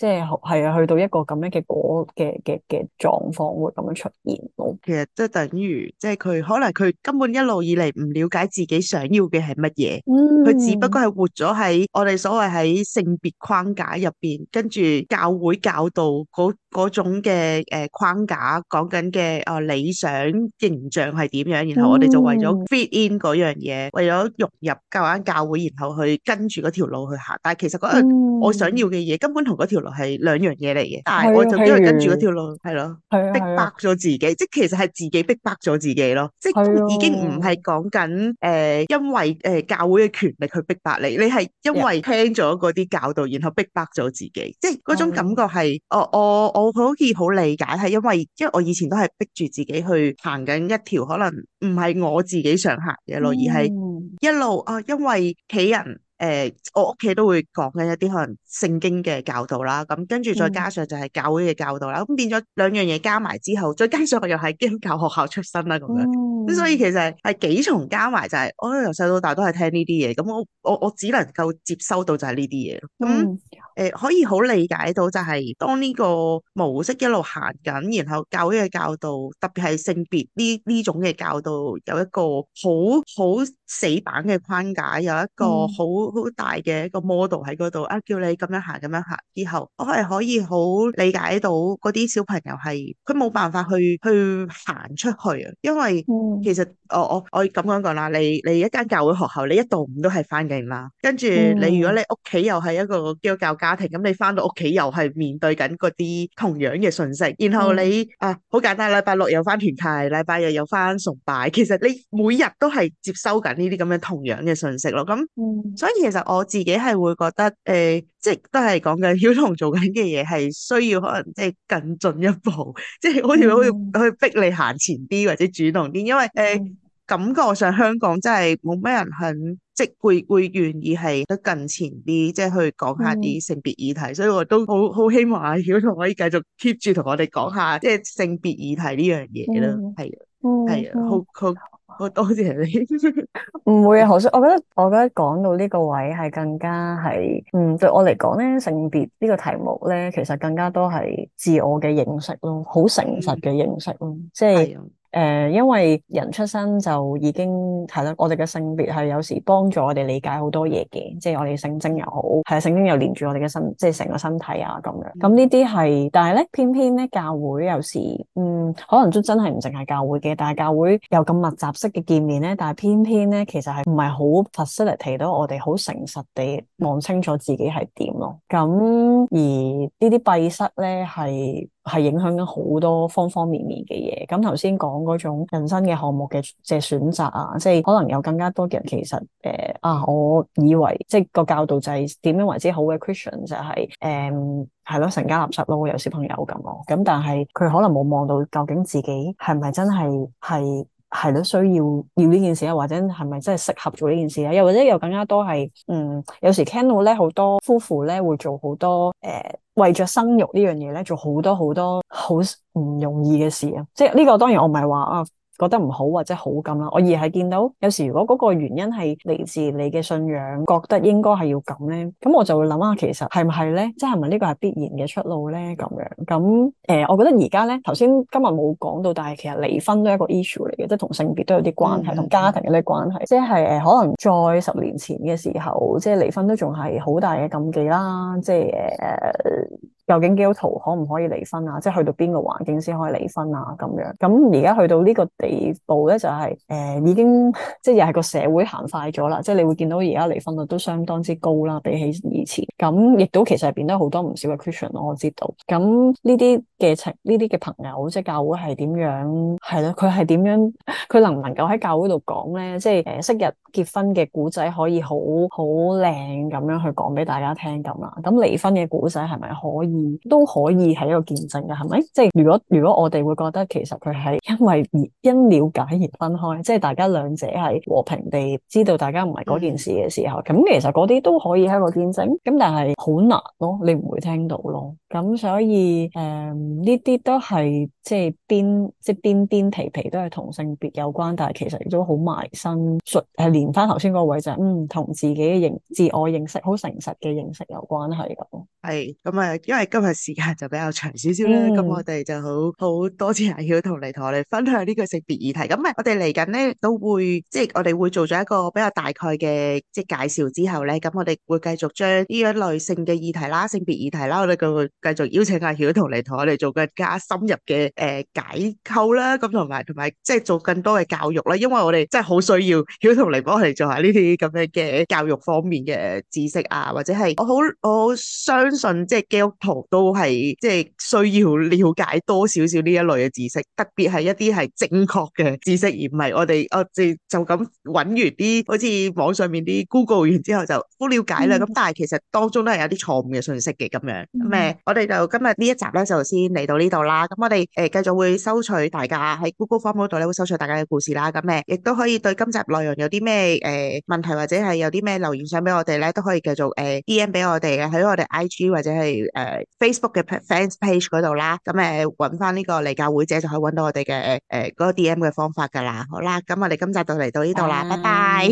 即係係啊，去到一個咁樣嘅嗰嘅嘅嘅狀況會咁樣出現。其實都即係等於即係佢可能佢根本一路以嚟唔了解自己想要嘅係乜嘢。佢、嗯、只不過係活咗喺我哋所謂喺性別框架入邊，跟住教會教導嗰嗰種嘅誒框架講緊嘅啊理想形象係點樣，然後我哋就為咗 fit in 嗰樣嘢，為咗融入教緊教會，然後去跟住嗰條路去行。但係其實嗰個、嗯、我想要嘅嘢根本同嗰條路。係兩樣嘢嚟嘅，但係我就因為跟住嗰條路，係咯，逼的迫咗自己，的即係其實係自己逼迫咗自己咯，的即係已經唔係講緊誒，因為誒、呃、教會嘅權力去逼迫，迫你，你係因為聽咗嗰啲教導，然後逼迫咗自己，即係嗰種感覺係的、哦，我我我好似好理解，係因為因為我以前都係逼住自己去行緊一條可能唔係我自己想行嘅、嗯、路，而係一路啊，因為企人。誒、欸，我屋企都會講緊一啲可能聖經嘅教導啦，咁跟住再加上就係教會嘅教導啦，咁、嗯、變咗兩樣嘢加埋之後，再加上我又係基督教學校出身啦，咁樣，咁、嗯、所以其實係幾重加埋、就是，就係我由細到大都係聽呢啲嘢，咁我我我只能夠接收到就係呢啲嘢。誒，可以好理解到，就係當呢個模式一路行緊，然後教會嘅教導，特別係性別呢呢種嘅教導有一個好好死板嘅框架，有一個好好大嘅一個 model 喺嗰度啊，叫你咁樣行，咁樣行。之後我係可以好理解到，嗰啲小朋友係佢冇辦法去去行出去啊，因為其實。我我我咁樣講啦，你你一間教會學校，你一到五都係翻緊啦。跟住你，如果你屋企又係一個基督教家庭，咁你翻到屋企又係面對緊嗰啲同樣嘅信息。然後你、嗯、啊，好簡單，禮拜六有翻團契，禮拜日又有翻崇拜。其實你每日都係接收緊呢啲咁樣同樣嘅信息咯。咁，嗯、所以其實我自己係會覺得，誒、呃，即係都係講緊曉彤做緊嘅嘢，係需要可能即係更進一步，即係好似好似去逼你行前啲或者主動啲，因為誒。呃嗯感覺上香港真係冇咩人肯即會會願意係得近前啲，即係去講下啲性別議題，mm hmm. 所以我都好好希望阿曉彤可以繼續 keep 住同我哋講下即係、mm hmm. 性別議題呢樣嘢咯，係啊、mm，係、hmm. 啊，好，好。好多謝你，唔 會啊，何叔。我覺得我覺得講到呢個位係更加係，嗯，對我嚟講咧，性別呢個題目咧，其實更加都係自我嘅認識咯，好誠實嘅認識咯。即係誒，因為人出生就已經係啦，我哋嘅性別係有時幫助我哋理解好多嘢嘅，即係我哋性徵又好，係性徵又連住我哋嘅身，即係成個身體啊咁樣。咁呢啲係，但係咧偏偏咧教會有時，嗯，可能都真真係唔淨係教會嘅，但係教會又咁密集式。嘅見面咧，但係偏偏咧，其實係唔係好 facilitate 到我哋好誠實地望清楚自己係點咯？咁、嗯、而呢啲閉塞咧，係係影響緊好多方方面面嘅嘢。咁頭先講嗰種人生嘅項目嘅嘅選擇啊，即係可能有更加多嘅人其實誒、呃、啊，我以為即係個教導就係點樣為之好嘅 question 就係誒係咯，成家垃圾咯，有小朋友咁咯。咁、嗯、但係佢可能冇望到究竟自己係唔係真係係。係咯，所以要要呢件事咧，或者係咪真係適合做呢件事咧？又或者又更加多係，嗯，有時聽到咧好多夫婦咧會做好多，誒、呃，為咗生育呢樣嘢咧，做好多好多好唔容易嘅事啊！即係呢個當然我唔係話啊。覺得唔好或者好咁啦，我而係見到有時如果嗰個原因係嚟自你嘅信仰，覺得應該係要咁咧，咁我就會諗下其實係唔係咧，即係係咪呢個係必然嘅出路咧咁樣？咁誒、呃，我覺得而家咧頭先今日冇講到，但係其實離婚都係一個 issue 嚟嘅，即係同性別都有啲關係，同、嗯、家庭有啲關係，即係誒可能再十年前嘅時候，即係離婚都仲係好大嘅禁忌啦，即係誒、呃。究竟基督徒可唔可以離婚啊？即係去到邊個環境先可以離婚啊？咁樣咁而家去到呢個地步咧，就係、是、誒、呃、已經即係又係個社會行快咗啦。即係你會見到而家離婚率都相當之高啦，比起以前。咁亦都其實係變咗好多唔少嘅 question 咯。我知道咁呢啲。嘅情呢啲嘅朋友，即係教會係點樣，係咯，佢係點樣，佢能唔能夠喺教會度講咧？即係誒，昔日結婚嘅古仔可以好好靚咁樣去講俾大家聽咁啦。咁離婚嘅古仔係咪可以都可以係一個見證嘅？係咪？即係如果如果我哋會覺得其實佢係因為因了解而分開，即係大家兩者係和平地知道大家唔係嗰件事嘅時候，咁其實嗰啲都可以喺一個見證。咁但係好難咯，你唔會聽到咯。咁所以誒。呢啲、嗯、都係即係邊即係邊邊皮皮都係同性別有關，但係其實亦都好埋身，屬係連翻頭先嗰位就係、是、嗯同自己嘅認自我認識好誠實嘅認識有關係咁。係咁啊，因為今日時間就比較長少少咧，咁、嗯、我哋就好好多謝阿曉彤嚟同我哋分享呢個性別議題。咁啊，我哋嚟緊咧都會即係我哋會做咗一個比較大概嘅即係介紹之後咧，咁我哋會繼續將呢一類性嘅議題啦、性別議題啦，我哋就會繼續邀請阿曉彤嚟同我哋。做更加深入嘅誒解構啦，咁同埋同埋即係做更多嘅教育啦，因為我哋真係好需要曉同你幫我哋做下呢啲咁樣嘅教育方面嘅知識啊，或者係我好我好相信即係基督徒都係即係需要了解多少少呢一類嘅知識，特別係一啲係正確嘅知識，而唔係我哋我哋就咁揾完啲好似網上面啲 Google 完之後就好了解啦。咁、嗯、但係其實當中都係有啲錯誤嘅信息嘅咁樣咩？嗯、我哋就今日呢一集咧，就先。嚟到呢度啦，咁我哋誒繼續會收取大家喺 Google Form 嗰度咧會收取大家嘅故事啦，咁誒亦都可以對今集內容有啲咩誒問題或者係有啲咩留言想俾我哋咧，都可以繼續誒 D M 俾我哋嘅喺我哋 I G 或者係誒、呃、Facebook 嘅 Fans Page 嗰度啦，咁誒揾翻呢個離教會者就可以揾到我哋嘅誒誒個 D M 嘅方法噶啦。好啦，咁我哋今集就嚟到呢度啦，嗯、拜拜。